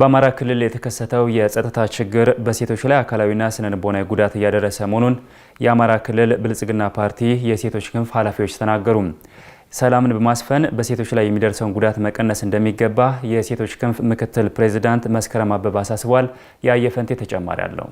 በአማራ ክልል የተከሰተው የጸጥታ ችግር በሴቶች ላይ አካላዊና ስነንቦናዊ ጉዳት እያደረሰ መሆኑን የአማራ ክልል ብልጽግና ፓርቲ የሴቶች ክንፍ ኃላፊዎች ተናገሩ። ሰላምን በማስፈን በሴቶች ላይ የሚደርሰውን ጉዳት መቀነስ እንደሚገባ የሴቶች ክንፍ ምክትል ፕሬዚዳንት መስከረም አበበ አሳስቧል። የአየፈንቴ ተጨማሪ አለው።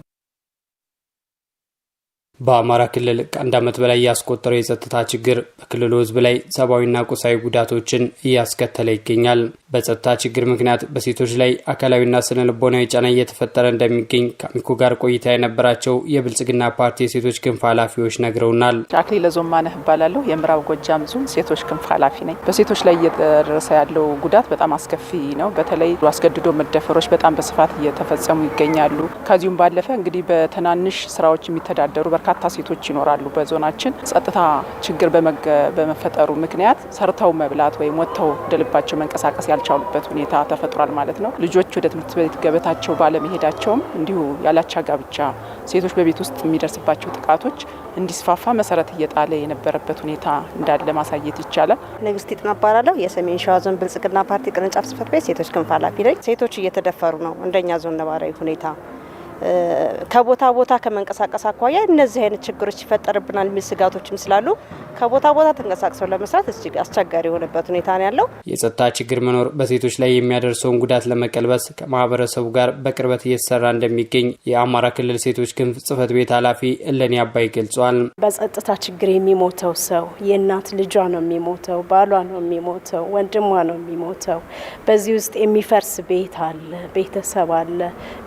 በአማራ ክልል ከአንድ ዓመት በላይ ያስቆጠረው የጸጥታ ችግር በክልሉ ሕዝብ ላይ ሰብአዊና ቁሳዊ ጉዳቶችን እያስከተለ ይገኛል። በጸጥታ ችግር ምክንያት በሴቶች ላይ አካላዊና ስነ ልቦናዊ ጫና እየተፈጠረ እንደሚገኝ ከአሚኮ ጋር ቆይታ የነበራቸው የብልጽግና ፓርቲ የሴቶች ክንፍ ኃላፊዎች ነግረውናል። አክሊ ለዞማነህ እባላለሁ። የምዕራብ ጎጃም ዞን ሴቶች ክንፍ ኃላፊ ነኝ። በሴቶች ላይ እየደረሰ ያለው ጉዳት በጣም አስከፊ ነው። በተለይ አስገድዶ መደፈሮች በጣም በስፋት እየተፈጸሙ ይገኛሉ። ከዚሁም ባለፈ እንግዲህ በትናንሽ ስራዎች የሚተዳደሩ በርካታ ሴቶች ይኖራሉ። በዞናችን ጸጥታ ችግር በመፈጠሩ ምክንያት ሰርተው መብላት ወይም ወጥተው እንደልባቸው መንቀሳቀስ ያልቻሉበት ሁኔታ ተፈጥሯል ማለት ነው። ልጆች ወደ ትምህርት ቤት ገበታቸው ባለመሄዳቸውም እንዲሁ ያላቻ ጋብቻ፣ ሴቶች በቤት ውስጥ የሚደርስባቸው ጥቃቶች እንዲስፋፋ መሰረት እየጣለ የነበረበት ሁኔታ እንዳለ ማሳየት ይቻላል። ንግስት ይጥና እባላለሁ። የሰሜን ሸዋ ዞን ብልጽግና ፓርቲ ቅርንጫፍ ጽህፈት ቤት ሴቶች ክንፍ ኃላፊ ነኝ። ሴቶች እየተደፈሩ ነው እንደኛ ዞን ነባራዊ ሁኔታ ከቦታ ቦታ ከመንቀሳቀስ አኳያ እነዚህ አይነት ችግሮች ይፈጠርብናል የሚል ስጋቶችም ስላሉ ከቦታ ቦታ ተንቀሳቅሰው ለመስራት እጅግ አስቸጋሪ የሆነበት ሁኔታ ነው ያለው። የጸጥታ ችግር መኖር በሴቶች ላይ የሚያደርሰውን ጉዳት ለመቀልበስ ከማህበረሰቡ ጋር በቅርበት እየተሰራ እንደሚገኝ የአማራ ክልል ሴቶች ክንፍ ጽህፈት ቤት ኃላፊ እለኔ አባይ ገልጿል። በጸጥታ ችግር የሚሞተው ሰው የእናት ልጇ ነው የሚሞተው፣ ባሏ ነው የሚሞተው፣ ወንድሟ ነው የሚሞተው። በዚህ ውስጥ የሚፈርስ ቤት አለ፣ ቤተሰብ አለ።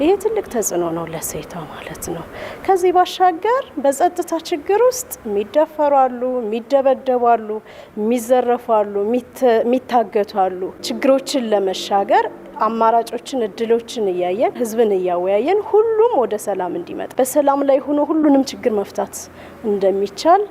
ይሄ ትልቅ ተጽዕኖ ነው ነው ለሴቷ ማለት ነው። ከዚህ ባሻገር በጸጥታ ችግር ውስጥ የሚደፈሩ አሉ፣ የሚደበደቡ አሉ፣ የሚዘረፉ አሉ፣ የሚታገቱ አሉ። ችግሮችን ለመሻገር አማራጮችን፣ እድሎችን እያየን ህዝብን እያወያየን ሁሉም ወደ ሰላም እንዲመጣ በሰላም ላይ ሆኖ ሁሉንም ችግር መፍታት እንደሚቻል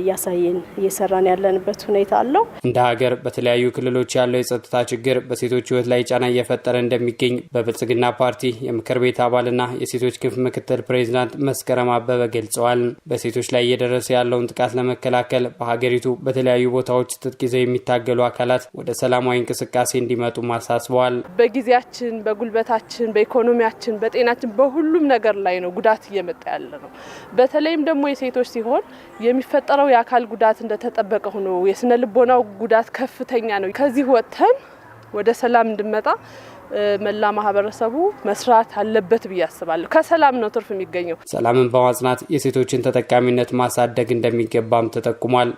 እያሳየን እየሰራን ያለንበት ሁኔታ አለው። እንደ ሀገር በተለያዩ ክልሎች ያለው የጸጥታ ችግር በሴቶች ህይወት ላይ ጫና እየፈጠረ እንደሚገኝ በብልጽግና ፓርቲ የምክር ቤት አባልና የሴቶች ክንፍ ምክትል ፕሬዚዳንት መስከረም አበበ ገልጸዋል። በሴቶች ላይ እየደረሰ ያለውን ጥቃት ለመከላከል በሀገሪቱ በተለያዩ ቦታዎች ትጥቅ ይዘው የሚታገሉ አካላት ወደ ሰላማዊ እንቅስቃሴ እንዲመጡ አሳስበዋል። በጊዜያችን፣ በጉልበታችን፣ በኢኮኖሚያችን፣ በጤናችን በሁሉም ነገር ላይ ነው ጉዳት እየመጣ ያለ ነው። በተለይም ደግሞ የሴቶች ሲሆን የሚፈጠረው የአካል ጉዳት እንደተጠበቀ ሆኖ የስነ ልቦናው ጉዳት ከፍተኛ ነው። ከዚህ ወጥተን ወደ ሰላም እንድመጣ መላ ማህበረሰቡ መስራት አለበት ብዬ አስባለሁ። ከሰላም ነው ትርፍ የሚገኘው። ሰላምን በማጽናት የሴቶችን ተጠቃሚነት ማሳደግ እንደሚገባም ተጠቁሟል።